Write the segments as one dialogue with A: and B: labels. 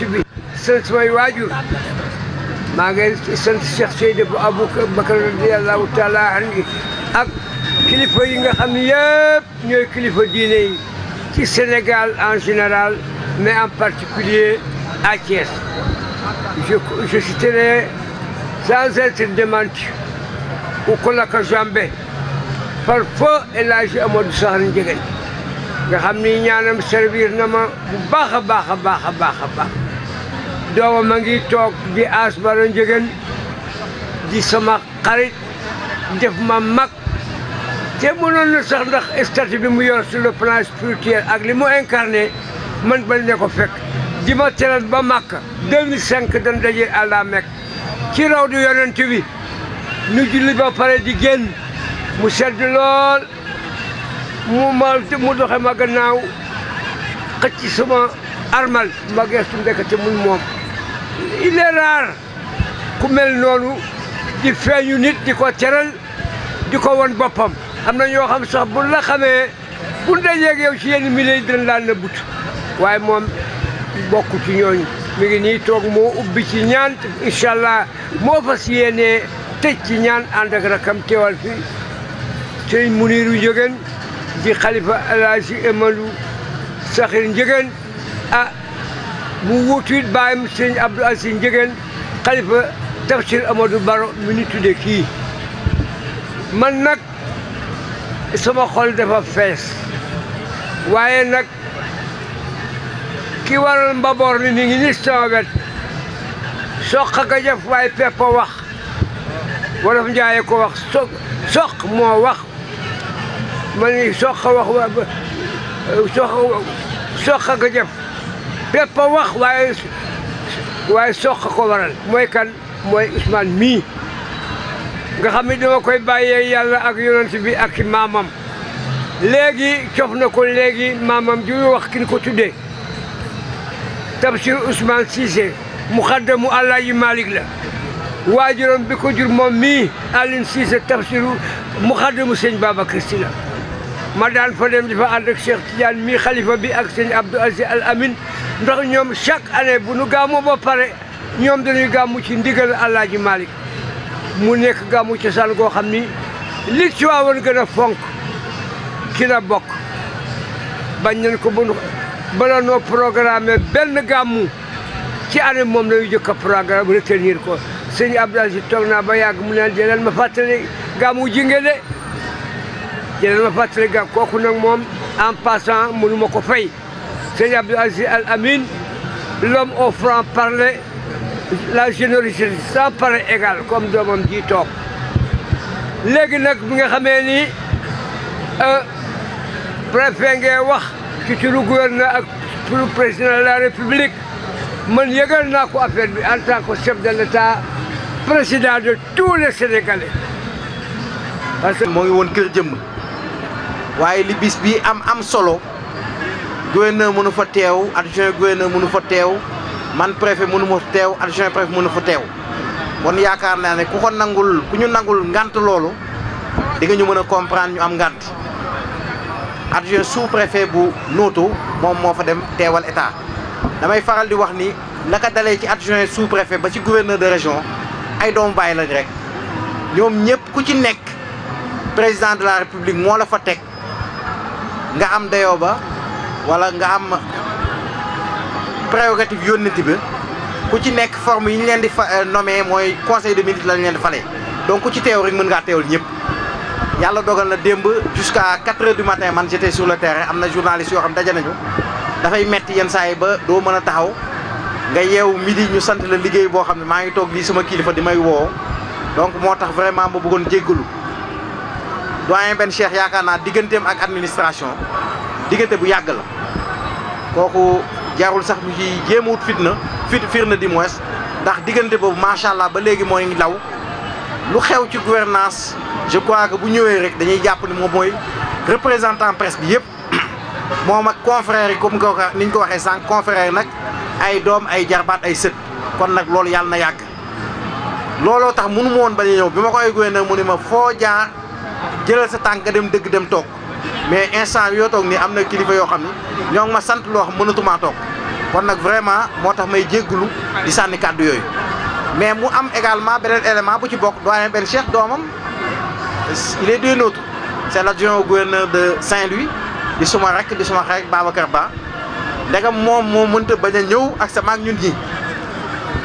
A: yonent bi sant samay waajur maa ngi sant Cheikh Seydou Abou Bakar radiyallahu taala anhu ak kilifa yi nga xam ne yëpp ñooy kilifa diine yi ci Sénégal en général mais en particulier à Thiès je je citerai sans être démenti ku ko par feu El Hadji Amadou Sakhar Ndiéguène nga xam ni ñaanam servir na ma bu baax a baax a baax a baax a baax doomam a ngi toog di aas bara njëgën di sama xarit def ma mag te mënoon na sax ndax bi mu yor sur le plan spirituel ak li mu incarné man bañ ne ko fekk di ma teral ba màkk 2005 dañ daje à la Mecque ci raw du yonent bi nu julli ba pare di génn mu sedd lool mu mal mu doxe ma gannaaw xëcc sama armal ma geestu ndekete mun moom il est rare ku mel noonu di nit di ko teral di ko won boppam am na ñoo xam sax bu la xamee bu dajeeg yow ci yenn milieu yi dañ laan nëbbut waaye moom bokk ci ñooñu mi ngi nii toog moo ubbi ci ñaan incha allah moo fas yéenee tëj ci ñaan ànd ak rakam teewal fi sëñ Muniru Njëgeen di xalifa alaaji Emalu Saxir Njëgeen ah, mu wuutu it baayam sëñ Abdou Aziz Ndiéguène xalifa tafsir Amadou Baro mi ñu tuddee kii man nag sama xol dafa fees waaye nag ki waral mbaboor ni ni ngi ni sama wet soq ka jëf waaye peppa wax wolof njaaye ko wax so soq moo wax ma ni soq bépp wax waaye waaye soq ko waral mooy kan mooy Ousmane mii nga xam ne dama koy bàyyee yàlla ak yonent bi ak ci maamam léegi cof na ko léegi maamam ju wax kin ko tudde Tafsir Ousmane Cissé mu xaddamu Alaaji Malick la waajuram bi ko jur moom mii Aline Cissé Tafsir mu xaddamu sëñ Babacar la ma daan fa dem di fa ànd ak Cheikh Tidiane mii xalifa bi ak sëñ Abdou Aziz Al Amin ndax ñoom chaque année bu nu gàmmoo ba pare ñoom dañuy gàmmu ci ndigal Alaaji malik mu nekk gàmmu cosaan goo xam ni li ci gën a fonk ki la bokk bañ nañ ko bu bala noo programme benn gàmmu ci année moom lañu jëkk a programme retenir ko sëñ Abdou Aziz toog naa ba yàgg mu naan jëlal ma fàttali gàmmu jinge de jëlal ma fàttali gàmm kooku nag moom en passant mënu ma ko fay Seigneur Abdou Aziz Al Amin, l'homme offrant parler, la générosité sans pareil égal comme doomam ji toog léegi nag bi nga xamee ni euh, préfet ngay wax ci turu gouverneur ak turu président de la république mën yëgal naa ko affaire bi en tant que chef de l'état président de tous les sénégalais. que moo ngi woon kër jëmm waaye li bis
B: bi am am solo. gouverneur mënu fa teew adjoint gouverneur mënu fa teew man préfet mënu ma teew adjoint préfet mënu fa teew kon yaakaar naa ne ku ko nangul ku ñu nangul ngant loolu di nga ñu mën a comprendre ñu am ngant adjoint sous préfet bu Notto moom moo fa dem teewal état damay faral di wax ni naka dalee ci adjoint sous préfet ba ci gouverneur de région ay doomu bàyyi lañ rek ñoom ñëpp ku ci nekk président de la république moo la fa teg nga am dayoo ba wala nga am prérogative yónnati bi ku ci nekk forme yi ñu leen di fa euh, nommé mooy conseil de ministre lañ leen di falee donc ku ci teew rek mën ngaa teewal ñëpp yàlla dogal na démb jusqu'à quatre heures du matin man j'étais sur le terrain am na journaliste yoo xam daje nañu dafay metti yenn saa yi ba doo mën a taxaw nga yeew midi ñu sant la liggéey boo xam ne maa ngi toog lii sama kilifa di may woo donc moo tax vraiment ma bëggoon jéggalu doyen benn Cheikh yaakaar naa digganteem ak administration diggante bu yàgg la kooku jarul sax mi ci jéem a wut fitna fit firnde di moins ndax diggante boobu macha allah ba léegi mooy law lu xew ci gouvernance je crois que bu ñëwee rek dañuy jàpp ni moom mooy représentant presse bi yëpp moom ak confrères yi comme ni ñu ko waxee sànq confrères nag ay doom ay jarbaat ay sët kon nag loolu yàlla na yàgg looloo tax mënu ma woon bañ a ñëw bi ma koy gouverneur mu ne ma foo jaar jëlal sa tànk nga dem dëgg dem toog. mais instant bi yoo toog nii am na kilifa yoo xam ni ñoo ngi ma sant loo xam mënatumaa toog kon nag vraiment moo tax may jéggulu di sànni kàddu yooyu mais mu am également beneen élément bu ci bokk doyen benn cheikh doomam il est des nôtres c'est l'adjoint au de Saint-Louis di suma rek di suma xarit Babacar Ba ndegam moom moo mënta bañ a ñëw ak sama ak ñun ñi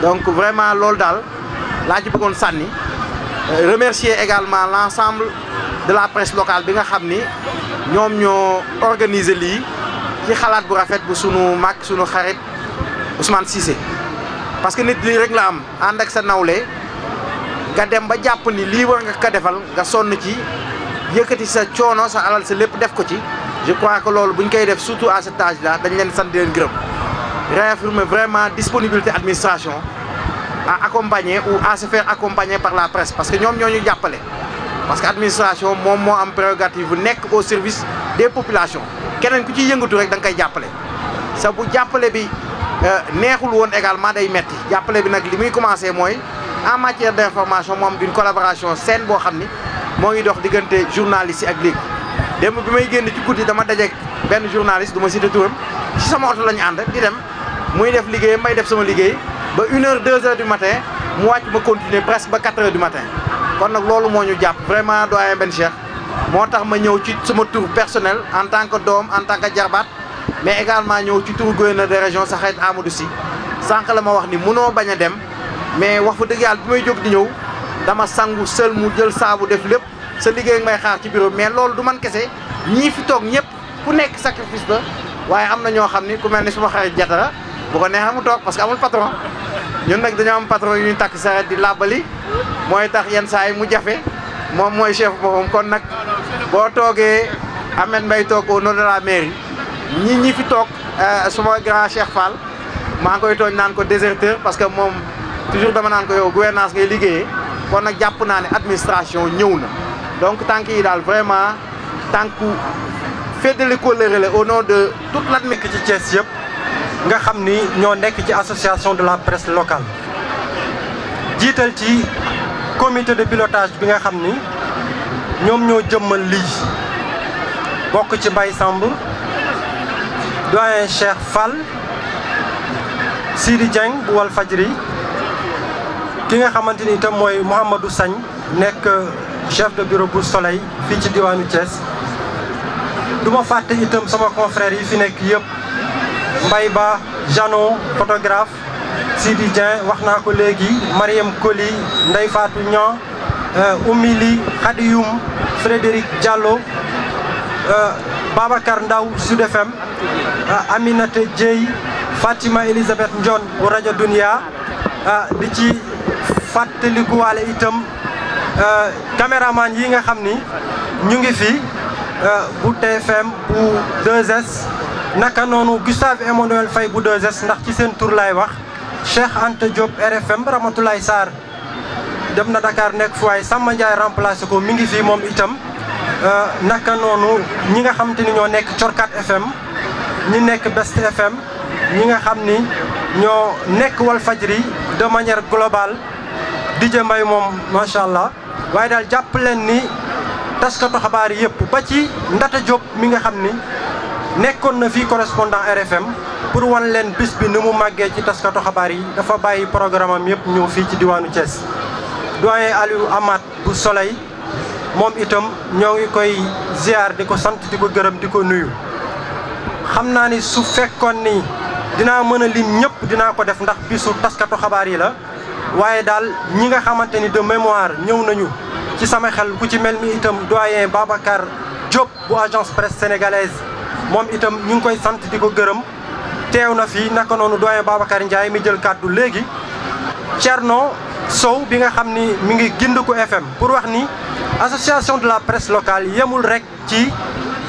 B: donc vraiment loolu daal laa ci bëggoon sànni euh, remercier également l'ensemble de la presse locale bi nga xam ni ñoom ñoo organiser lii ci xalaat bu rafet bu sunu mag sunu xarit Ousmane Cissé parce que nit lii rek la am ànd ak sa nawle nga dem ba jàpp ni lii war nga ko defal nga sonn ci yëkkati sa coono sa alal sa lépp def ko ci. je crois que loolu bu ñu koy def surtout à cet âge dañ leen sant di leen gërëm vraiment disponibilité administration a accompagner ou à se par la presse parce que ñoom ñoo ñu jàppale. parce que administration moom moo am prérogative bu nekk au service des populations keneen ku ci yëngatu rek da nga koy jàppale sa bu jàppale bi euh, neexul woon également day metti jàppale bi nag li muy commencé mooy en matière d' information moom d'une collaboration saine boo xam ni moo ngi dox diggante journaliste yi ak léegi démb bi may génn ci guddi dama dajeek benn journaliste du ma cité turam ci sama oto la ñu ànd di dem muy def liggéeyam may def sama liggéey ba une heure deux heures du matin mu wàcc ma continuer presque ba kon nag loolu moo ñu jàpp vraiment doyen Ben Cheikh moo tax ma ñëw ci suma tur personel en tant que doom en tant que jarbaat mais également ñëw ci turu gouverneur de région sa xarit Amadou Sy sànq la ma wax ni mënoo bañ a dem mais wax fa dëgg yàlla bi may jóg di ñëw dama sangu sël mu jël saabu def lépp sa liggéey may xaar ci bureau mais loolu du man kese ñii fi toog ñëpp ku nekk sacrifice la waaye am na ñoo xam ni ku mel ni suma xarit jatara bu ko neexee mu toog parce que amul ñun nag dañoo am patron yu ñuy takk saret di làbbali mooy tax yenn saa yi mu jafe moom mooy chef boppam kon nag boo toogee Ahmed Mbaye toog au nom de la mairie ñi ñi fi toog euh, suma grand Cheikh Fall maa ngi koy tooñ naan ko déserteur parce que moom toujours dama naan ko yow gouvernance ngay liggéeyee kon nag jàpp naa ne administration ñëw na donc tànk yi daal vraiment tànku
C: féddali kóllëre la au nom de tout l'admi ci Thiès yëpp nga xam ni ñoo nekk ci association de la presse locale jiital ci comité de pilotage bi nga xam ni ñoom ñoo jëmmal lii bokk ci bay Samb doyen Cheikh Fall Sidi Dieng bu Walf ki nga xamante ni itam mooy Mouhamadou sañ nekk chef de bureau bu Soleil fii ci diwaanu Thiès du ma fàtte itam sama confrère yi fi nekk yëpp Mbaye Ba Janon photographe Sidi wax naa ko léegi Mariam Koli Ndeye Fatou Niang euh, Oumili Khadiyoum Frédéric Diallo euh, Babacar Ndaw Sud FM euh, Aminata Dieye Fatima Elisabeth Ndion bu rajo Dunia di ci fàttalikuwaale itam caméraman yi nga xam ni ñu ngi fi bu TFM bu 2 naka noonu Gustave Emmanuel Faye bu 2S ndax ci seen tur laay wax Cheikh Anta Diop RFM ramatulaay saar dem na ndakaar nekk fu waay Samba Ndiaye remplacé ko mi ngi fii moom itam euh, naka noonu ñi nga xam ni ñoo nekk Corkat FM ñi nekk Best FM ñi nga xam ni ñoo nekk Walfadjri de manière globale DJ Mbaye moom macha allah waaye daal jàpp leen ni taskatu xabaar yëpp ba ci Ndata Diop mi nga xam ni. nekkoon na fii correspondant RFM pour wan leen bis bi ni mu màggee ci taskatu xabaar yi dafa bàyyi programme am yëpp ñëw fii ci diwaanu Thiès. doyen Aliou amaat bu Soleil moom itam ñoo ngi koy ziar di ko sant di ko gërëm di ko nuyu xam naa ni su fekkoon ni dinaa mën a lim ñëpp dinaa ko def ndax bisu taskatu xabaar yi la waaye daal ñi nga xamante ni de mémoire ñëw nañu ci sama xel ku ci mel ni itam doyen Babacar Diop bu agence presse sénégalaise moom itam ñu ngi koy sant di ko gërëm teew na fi naka noonu doyen Babacar Ndiaye mi jël kàddu léegi Thierno Sow bi nga xam ni mu ngi Gindiku FM pour wax ni association de la presse locale yemul rek ci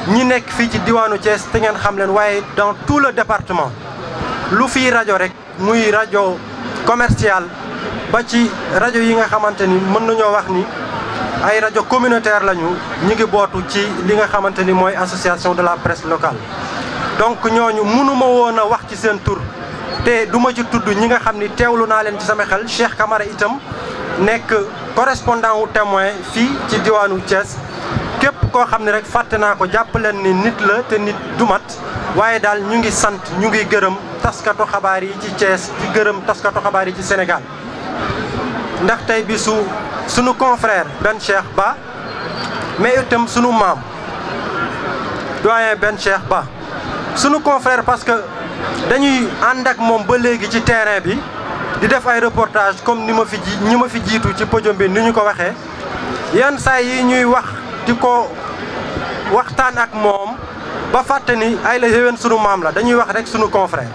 C: ñi nekk fii ci diwaanu Thiès te ngeen xam leen waaye dans tout le département lu fi rajo rek muy rajo commercial ba ci rajo yi nga xamante ni mën nañoo wax ni ay rajo communautaire lañu ñu ngi bootu ci li nga xamante ni mooy association de la presse locale. donc ñooñu mënuma woon a wax ci seen tur te duma ci tudd ñi nga xam ni teewlu naa leen ci sama xel Cheikh kamara itam nekk correspondant wu témoin fii ci diwaanu Thiès. képp koo xam ne rek fàtte naa ko jàpp leen ni nit la te nit du mat waaye daal ñu ngi sant ñu ngi gërëm taskatu xabaar yi ci Thiès di gërëm taskatu xabaar yi ci Sénégal ndax tey bisu sunu confrère benn Cheikh Ba mais itam sunu maam doyen benn Cheikh Ba sunu confrère parce que dañuy ànd ak moom ba léegi ci terrain bi di def ay reportage comme ni ma fi ji ñi ma fi jiitu ci podium bi ni ñu ko waxee yan saa yi ñuy wax di ko waxtaan ak moom ba fàtte ni ay la yéwén sunu maam la dañuy wax rek sunu confrère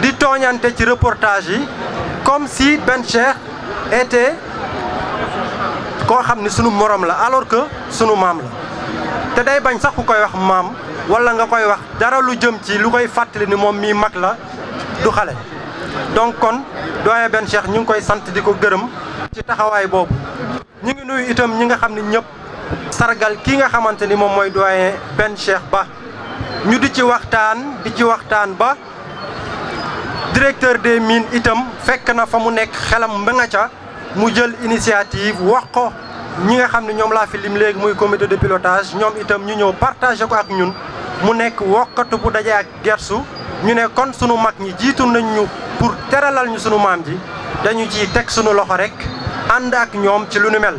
C: di tooñante ci reportage yi comme si Ben Cheikh était koo xam ni sunu morom la alors que sunu maam la te day bañ sax ku koy wax maam wala nga koy wax dara lu jëm ci lu koy fàttali ni moom mii mag la du xale donc kon doyen Ben Cheikh ñu ngi koy sant di ko gërëm ci taxawaay boobu ñu ngi nuyu itam ñi nga xam ni ñëpp sargal kii nga xamante ni moom mooy doyen benn Cheikh Ba ñu di ci waxtaan di ci waxtaan ba directeur des mines itam fekk na fa mu nekk xelam ba ca mu jël initiative wax ko ñi nga xam ne ñoom laa fi lim léegi muy comité de pilotage ñoom itam ñu ñëw partagé ko ak ñun mu nekk wokkatu bu daje ak gersu ñu ne kon sunu mag ñi jiitu nañ ñu pour teralal ñu sunu maam ji dañu ciy teg sunu loxo rek ànd ak ñoom ci lu nu mel.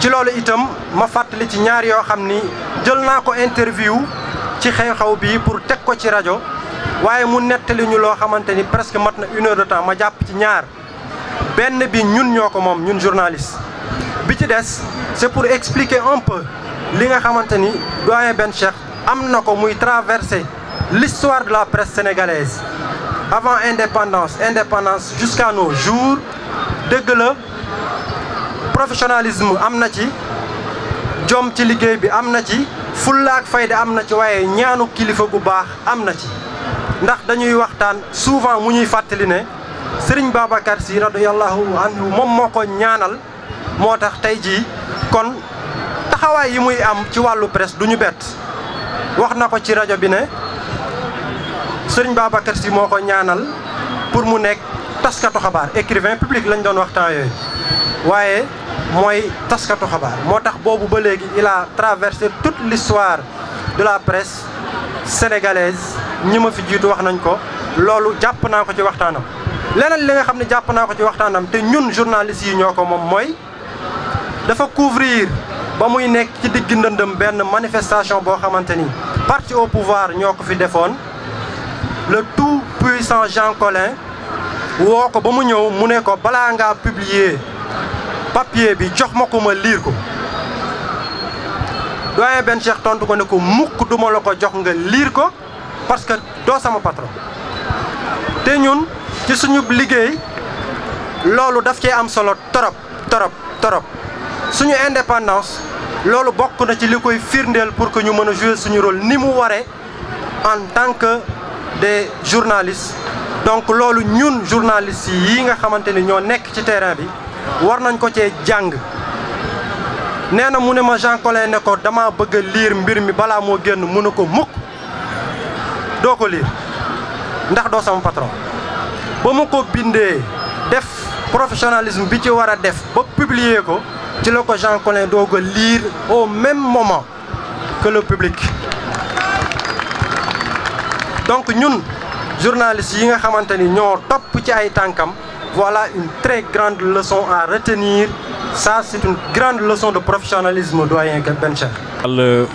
C: ci loolu itam ma fàttali ci ñaar yoo xam ni jël naa ko interview ci xew-xew bi pour teg ko ci rajo waaye mu nettali ñu loo xamante ni presque mat na une heure de ma jàpp ci ñaar. benn bi ñun ñoo ko moom ñun journaliste bi ci des c'est pour expliquer un peu li nga xamante ni doyen Ben Cheikh am na ko muy traversé l'histoire de la presse sénégalaise avant indépendance indépendance jusqu'à nos jours dëgg la professionnalisme am na ci jom ci liggéey bi am na ci fullaak fayda am na ci waaye ñaanu kilifa gu baax am na ci ndax dañuy waxtaan souvent mu ñuy fàttali ne sëriñ Babacar Sy radiyallahu anhu moom moo ko ñaanal moo tax tey jii kon taxawaay yi muy am ci wàllu presse du ñu bett wax na ko ci rajo bi ne sëriñ Babacar Sy moo ko ñaanal pour mu nekk taskatu xabaar écrivain public lañ doon waxtaan yooyu waaye mooy taskatu xabaar moo tax boobu ba léegi il a traversé toute l'histoire de la presse sénégalaise ñi fi jiitu wax nañ ko loolu jàpp naa ko ci waxtaanam leneen li nga xam ne jàpp naa ko ci waxtaanam te ñun journalistes yi ñoo ko moom mooy dafa couvrir ba muy nekk ci digg ndëndam benn manifestation boo xamante ni parti au pouvoir ñoo ko fi defoon le tout puissant Jean Collin woo ko ba mu ñëw mu ne ko balaa ngaa publier papier bi jox ma ko ma liir ko doyen benn Cheikh tontu ko ne ko mukk duma la ko jox nga liir ko parce que doo sama patron te ñun ci suñu liggéey loolu daf cee am solo torop torop torop suñu indépendance loolu bokk na ci li koy firndeel pour que ñu mën a jouer suñu rôle ni mu waree en tant que des journalistes donc loolu ñun journalistes yi nga xamante ni ñoo nekk ci terrain bi war nañ ko cee jàng nee na mu ne ma Jean Collin ne ko dama bëgg liir mbir mi balaa moo génn mu ne ko mukk doo ko lire ndax doo sama patron ba mu ko bindee def professionnalisme bi ci war a def ba publier ko ci la ko Jean Collin doog a lire au même moment que le public donc ñun journalistes yi nga xamante ni ñoo topp ci ay tànkam voilà une très grande leçon à retenir ça c'est une grande leçon de professionnalisme doyen Ben Cheikh
D: Yàlla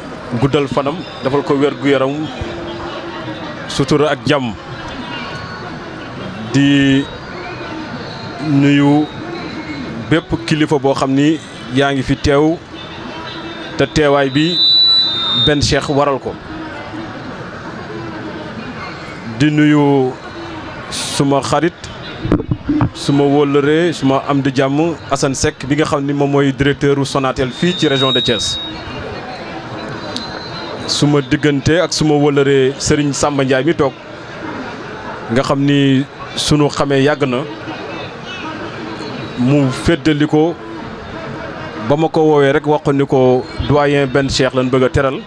D: guddal fanam dafal ko wér gu yaram sutura ak jàmm di nuyu bépp kilifa boo xam ni yaa ngi fi teew te teewaay bi benn cheikh waral ko di nuyu suma xarit su suma wóllëree ma am di jàmm Assane Seck bi nga xam ni moom mooy directeur u Sonatel fii ci région de Thiès suma diggante ak su ma wóllëree sëriñ Samba Ndiaye mi toog nga xam ni sunu xamee yàgg na mu féddali ko ba ma ko woowee rek wax ni doyen benn cheikh lañ bëgg teral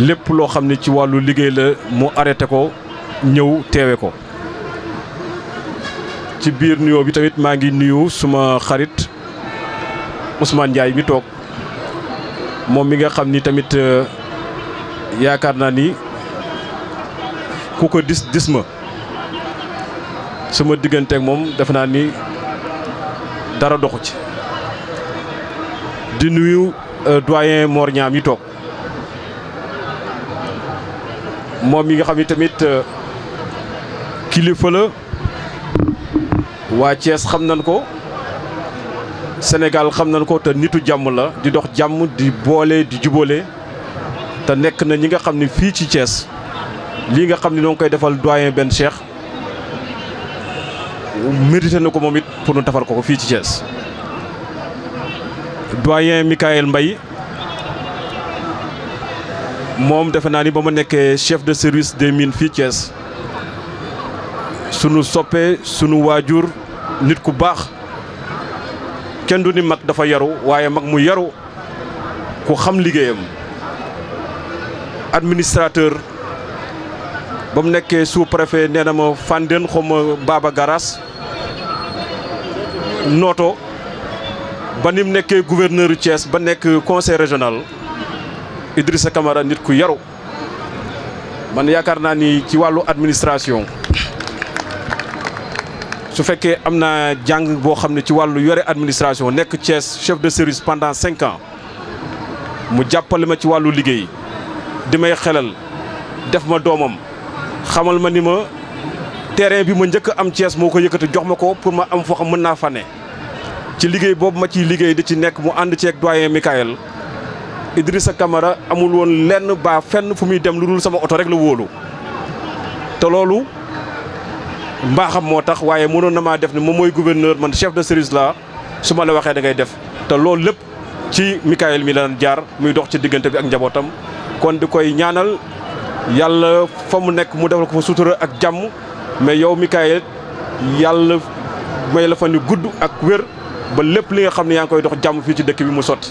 D: lépp loo xam ne ci wàllu liggéey la mu arrêté ko ñëw teewe ko ci biir nuyoo bi tamit maa ngi nuyu suma xarit Ousmane njaay mi toog moom mi nga xam ni tamit euh, yaakaar naa ni ku ko dis dis ma sama digganteeg moom defe naa ni dara doxu ci di nuyu euh, doyen Mor Ñaam yi toog moom yi nga xam ni tamit euh, kilifa la waa cees xam nan ko Sénégal xam nañ ko te nitu jàmm la di dox jàmm di boole di jubale te nekk na ñi nga xam ni fii ci cees lii nga xam ni ñoo koy defal doyen benn Cheikh. mérité na ko moom it pour nu tafal ko ko fii ci Thiès doyen Michael mbay moom defe naa ni ba ma nekkee chef de service des mines fii Thiès sunu soppe sunu waajur nit ku baax kenn du ni mag dafa yaru waaye mag mu yaru ku xam liggéeyam administrateur ba mu nekkee sous préfet nee na ma Fandène xaw ma Baba nooto ba ni mu nekkee gouverneur Thiès ba nekk conseil régional Idrissa Camara nit ku yaru man yaakaar naa ni ci wàllu administration su fekkee am naa jàng boo xam ne ci wàllu yore administration nekk Thiès chef de service pendant cinq ans mu jàppale ma ci wàllu liggéey di may xelal def ma doomam xamal ma ni ma terrain bi ma njëkk am Thiès moo ko yëkkati jox ma ko pour ma am foo xam mën naa fane ci liggéey boobu ma ciy liggéey di ci nekk mu ànd ceeg doyen Michael sa kamara amul woon lenn baa fenn fu muy dem lu dul sama oto rek la wóolu te loolu xam moo tax waaye mënoon na maa def ne moom mooy gouverneur man chef de service la su ma la waxee da ngay def te loolu lépp ci Michael mi la jaar muy dox ci diggante bi ak njabootam kon di koy ñaanal yàlla fa mu nekk mu defal ko fa sutura ak jàmm mais yow Mikaël yàlla may la fan yu gudd ak wér ba lépp li nga xam ne yaa ngi koy dox jàmm fii ci dëkk bi mu sotti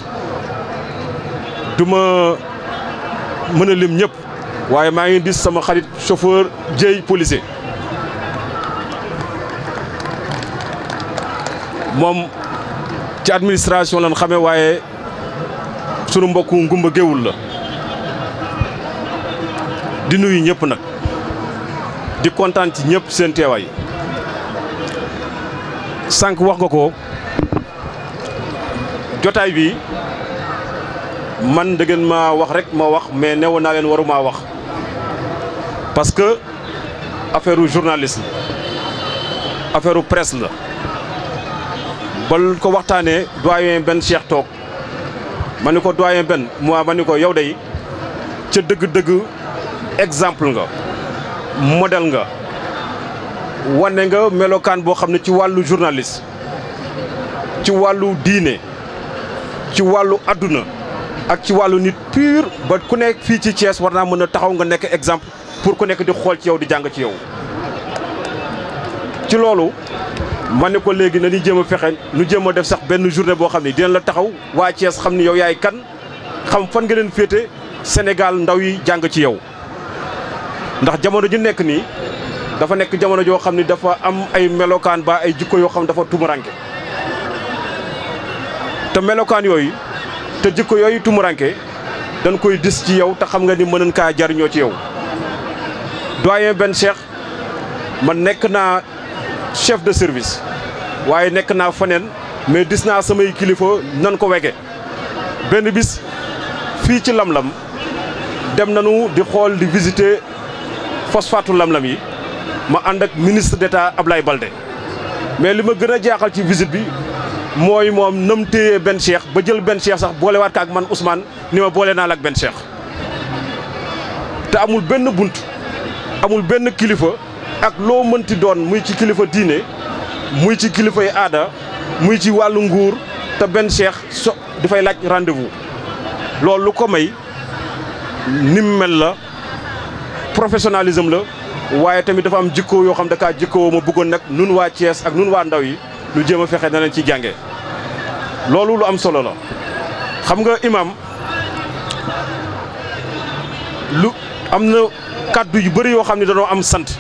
D: du ma mën a lim ñëpp waaye maa ngi di sama xarit chauffeur Dieye policier moom ci administration lan xamee waaye sunu mbokku ngumba géwul la di nuyu ñëpp nag di kontaan ci ñëpp seen teewaay sànq wax nga ko jotaay bi man da ngeen maa wax rek ma wax mais newoon naa leen warumaa wax parce que affaire u journaliste la affaire u presse la ba ko waxtaanee doyen benn Cheikh toog ma ni ko doyen benn moi ma ni ko yow day ca dëgg-dëgg. exemple nga modèle nga wane nga melokaan boo xam ne ci wàllu journaliste ci wàllu diine ci wàllu àdduna ak ci wàllu nit pur ba ku nekk fii ci Thiès war naa mën a taxaw nga nekk exemple pour ku nekk di xool ci yow di jàng ci yow ci loolu ma ne ko léegi na ñu jéem a fexe nu jéem a def sax benn journée boo xam ne dina la taxaw waa Thiès xam ne yow yaay kan xam fan nga leen féete Sénégal ndaw yi jàng ci yow ndax jamono ju nekk nii dafa nekk jamono joo xam ni dafa am ay melokaan baa ay jikko yoo xam dafa tumuranke te melokaan yooyu te jikko yooyu tumuranke dañ koy dis ci yow te xam nga ni mënan kaa jariñoo ci yow doyen benn Cheikh man nekk naa chef de service waaye nekk naa faneen mais dis naa samay kilifa nan ko wege benn bis fii ci lam-lam dem nanu di xool di visiter phosphatu lam-lam yi ma ànd ak ministre d'État Ablaye Balde mais li ma gën a jaaxal ci visite bi mooy moom nam téyee benn cheikh ba jël benn cheikh sax boolewaat ka ak man Ousmane ni ma boole naa la benn cheikh te amul benn bunt amul benn kilifa ak loo mënti doon muy ci kilifa diine muy ci kilifay aada muy ci wàllu nguur te benn cheikh so dafay laaj rendez-vous loolu lu ko may nim mel la professionnalisme la waaye tamit dafa am jikkoo yoo xam da kaa jikkoo ma bëggoon nag nun waa Thiès ak nun waa ndaw yi ñu jéem a fexe danañ ci jànge loolu lu am solo la xam nga imam lu am na kàddu yu bari yoo xam ne danoo am sant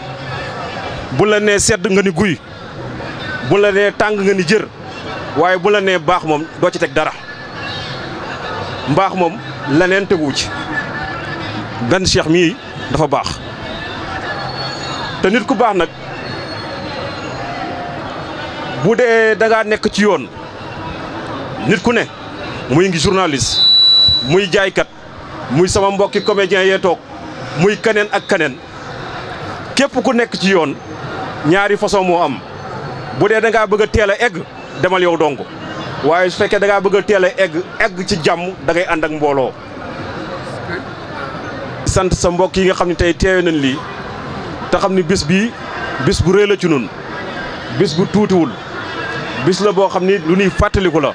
D: bu la nee sedd nga ni guy bu la nee tàng nga ni jër waaye bu la nee baax moom doo ci teg dara mbaax moom leneen teguwu ci benn cheikh mii dafa baax te nit ku baax nag bu dee da nekk ci yoon nit ku ne muy ngi journaliste muy jaaykat muy sama mbokki comédien yee toog muy keneen ak keneen képp ku nekk ci yoon ñaari façon moo am bu dee da ngaa bëgg a teel a egg demal yow dong waaye su fekkee da ngaa bëgg a teel a egg egg ci jàmm da ngay ànd ak mbooloo sant sa mbokk yi nga xam ne tey teewe nañ lii te xam ne bis bii bis bu rëy la ci nun bis bu tuutiwul bis la boo xam ni lu ñuy fàttaliku la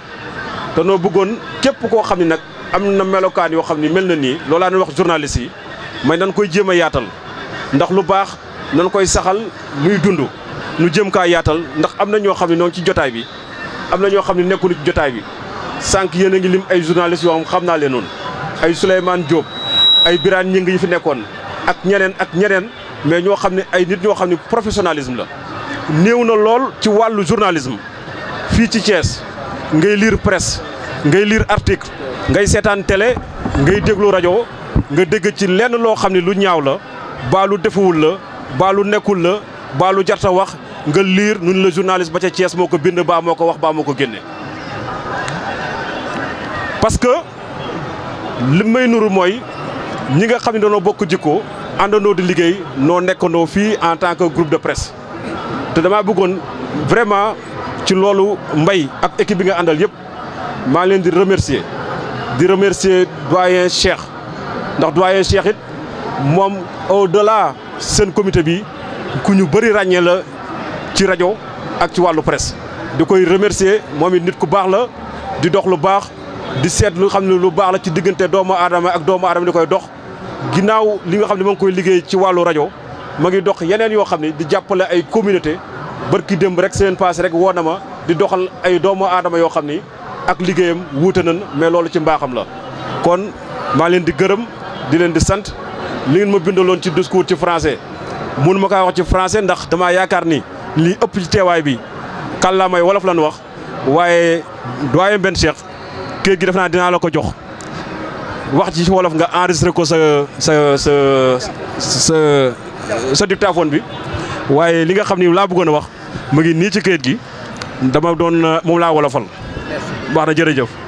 D: te noo bëggoon képp koo xam ne nag am na melokaan yoo xam ne mel na nii loolaan ñu wax journaliste yi may nan koy jéem a yaatal ndax lu baax nan koy saxal muy dund nu jëm kaa yaatal ndax am na ñoo xam ne noo ci jotaay bi am na ñoo xam ne nekkuñu ci jotaay bi sànq yéen a ngi lim ay journalistes yoo xam xam naa leen noonu ay Souleymane Diop ay biraan ñi ngi yi fi nekkoon ak ñeneen ak ñeneen mais ñoo xam ne ay nit ñoo xam ne professionnalisme la néew na lool ci wàllu journalisme fii ci Thiès ngay liir presse ngay liir article ngay seetaan tele ngay déglu rajo nga dégg ci lenn loo xam ne lu ñaaw la baa lu defuwul la baa lu nekkul la baa lu jarta wax nga lire nun la journaliste ba ca cees moo ko bind baa moo ko wax baa moo ko génne parce que nuru mooy ñi nga xam ne dañoo bokk jikko àndandoo di liggéey noo nekkandoo fii en tant que groupe de presse te damaa bëggoon vraiment ci loolu mbay ak équipe bi nga àndal yëpp maa ngi leen di remercier di remercier doyen Cheikh ndax doyen Cheikh it moom au delà seen comité bi ku ñu bëri ràññee la ci rajo ak ci wàllu presse di koy remercier moom it nit ku baax la di dox lu baax di seet lu xam ne lu baax la ci diggante doomu aadama ak doomu aadama di koy dox ginnaaw li nga xam ne ma ngi koy liggéey ci wàllu rajo ma ngi dox yeneen yoo xam ne di jàppale ay communauté barki démb rek seen paase rek woo na ma di doxal ay doomu aadama yoo xam ni ak liggéeyam wuute nañ mais loolu ci mbaaxam la. kon maa leen di gërëm di leen di sant li ngeen ma bindaloon ci discours ci français mun ma kaa wax ci français ndax dama yaakaar ni lii ëpp ci teewaay bi kàllaamay wolof lan wax waaye doyen benn Cheikh kër gi def naa dinaa la ko jox. wax ci wolof nga enregistré ko sa sa sa sa sa dictaphone bi waaye li nga xam ni laa bëggoon a wax mu ngi nii ci këyit gi dama doon moom laa wolofal. wax na jërëjëf.